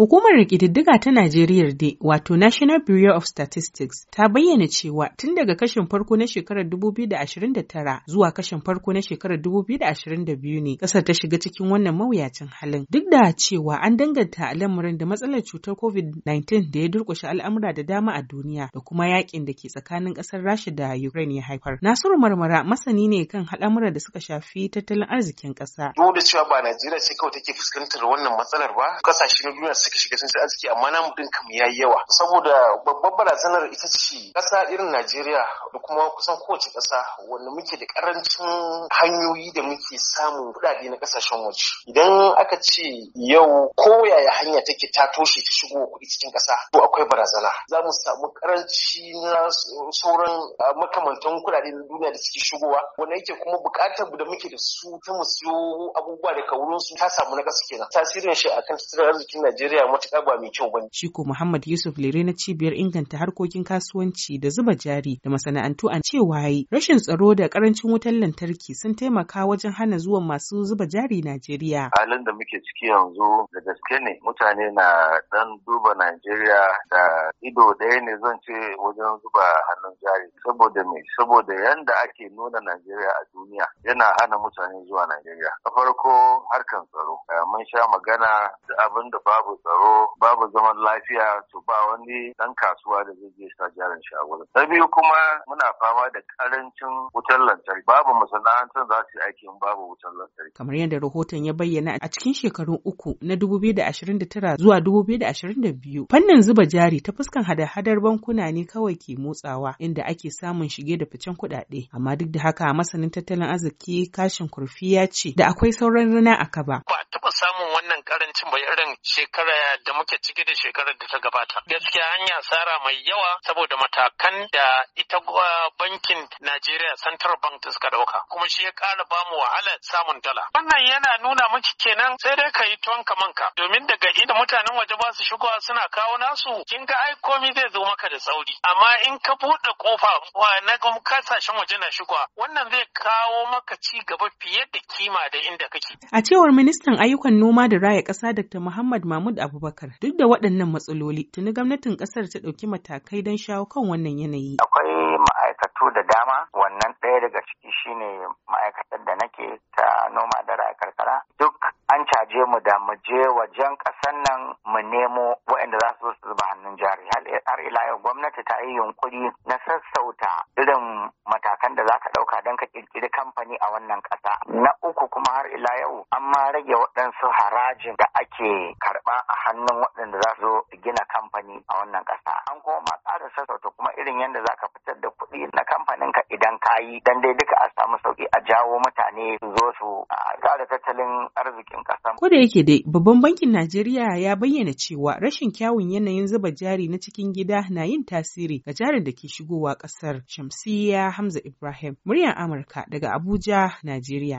Hukumar rikididdiga ta Najeriya dai wato National Bureau of Statistics ta bayyana cewa tun daga kashin farko na shekarar 2029 zuwa kashin farko na shekarar 2022 ne ƙasar ta shiga cikin wannan mawuyacin halin. Duk da cewa an danganta lamarin da matsalar cutar COVID-19 da ya durkushe al'amura da dama a duniya da kuma yakin da ke tsakanin ƙasar Rasha da Ukraine ya haifar. Nasiru Marmara masani ne kan al'amura da suka shafi tattalin arzikin ƙasa. Duk da cewa ba Najeriya ce kawai take fuskantar wannan matsalar ba, kasashen na duniya suka shiga sun sai arziki amma namu din kam yayi yawa saboda babbar barazanar ita ce kasa irin Najeriya da kuma kusan kowace kasa wanda muke da karancin hanyoyi da muke samun kuɗaɗe na kasashen waje idan aka ce yau ko yaya hanya take ta toshe ta shigo kuɗi cikin ƙasa to akwai barazana za mu samu karanci na sauran makamantan kuɗaɗe na duniya da suke shigowa wanda yake kuma buƙatar da muke da su ta mu siyo abubuwa daga wurin su ta samu na ƙasa kenan tasirin shi akan tattalin arzikin Najeriya tarayya matuƙar ba mai kyau ba ne. Shiko Muhammad Yusuf Lere na cibiyar inganta harkokin kasuwanci da zuba jari da masana'antu an cewa waye rashin tsaro da karancin wutar lantarki sun taimaka wajen hana zuwan masu zuba jari Najeriya halin da muke ciki yanzu da gaske ne mutane na dan duba Najeriya da ido ɗaya ne zan ce wajen zuba hannun jari saboda me saboda yanda ake nuna Najeriya a duniya yana hana mutane zuwa Najeriya na farko harkan tsaro eh, mun sha magana da abin da babu tsaro babu zaman lafiya su ba wani dan kasuwa da zai je sa jarin shagon na biyu kuma muna fama da karancin wutar lantarki babu masana'antar za su yi aikin babu wutar lantarki kamar yadda rahoton ya bayyana a cikin shekaru uku na 2029 zuwa 2022 fannin zuba jari ta fuskan hada-hadar bankuna ne kawai ke motsawa inda ake samun shige da ficen kuɗaɗe amma duk da haka masanin tattalin arziki kashin kurfi ya ce da akwai sauran rana a kaba ba taɓa samun wannan karancin bai irin shekara da muke ciki da shekarar da ta gabata gaskiya hanya yi mai yawa saboda matakan da ita bankin Najeriya Central Bank ta suka dauka kuma shi ya ƙara ba mu wahala samun dala wannan yana nuna miki kenan sai dai ka yi tuwanka manka domin daga inda mutanen waje ba su shigowa suna kawo nasu kin ga ai komai zai zo maka da sauri amma in ka buɗe kofa wa na kasashen waje na shigowa wannan zai kawo maka ci gaba fiye da kima da inda kake a cewar ministan ayyukan noma da raya ƙasa Dr. Muhammad Mahmud Abubakar duk da waɗannan matsaloli tuni gwamnatin ƙasar ta ɗauki matakai don shawo kan wannan yanayi. Akwai ma'aikatu da dama wannan ɗaya daga ciki shine ma'aikatar da nake ta noma da raya karkara duk an caje mu da mu je wajen ƙasar nan mu nemo waɗanda za su zuba hannun jari har ila yau gwamnati ta yi yunkuri na sassauta irin kirkiri kamfani a wannan ƙasa. Na uku kuma har ila yau an ma rage waɗansu harajin da ake karɓa a hannun waɗanda za su zo gina kamfani a wannan ƙasa. An kuma ma ƙara sassauta kuma irin yadda za ka na kamfanin ka idan ka yi dan dai duka a samu sauki a jawo mutane su zo su da tattalin arzikin ƙasa. Ko da yake dai babban bankin Najeriya ya bayyana cewa rashin kyawun yanayin zuba jari na cikin gida na yin tasiri ga jarin da ke shigowa ƙasar. Shamsiyya Hamza Ibrahim, muryar Amurka daga Abuja, Najeriya.